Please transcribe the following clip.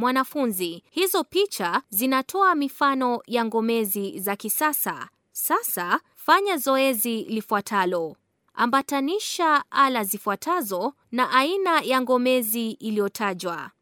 mwanafunzi. Hizo picha zinatoa mifano ya ngomezi za kisasa. Sasa fanya zoezi lifuatalo. Ambatanisha ala zifuatazo na aina ya ngomezi iliyotajwa.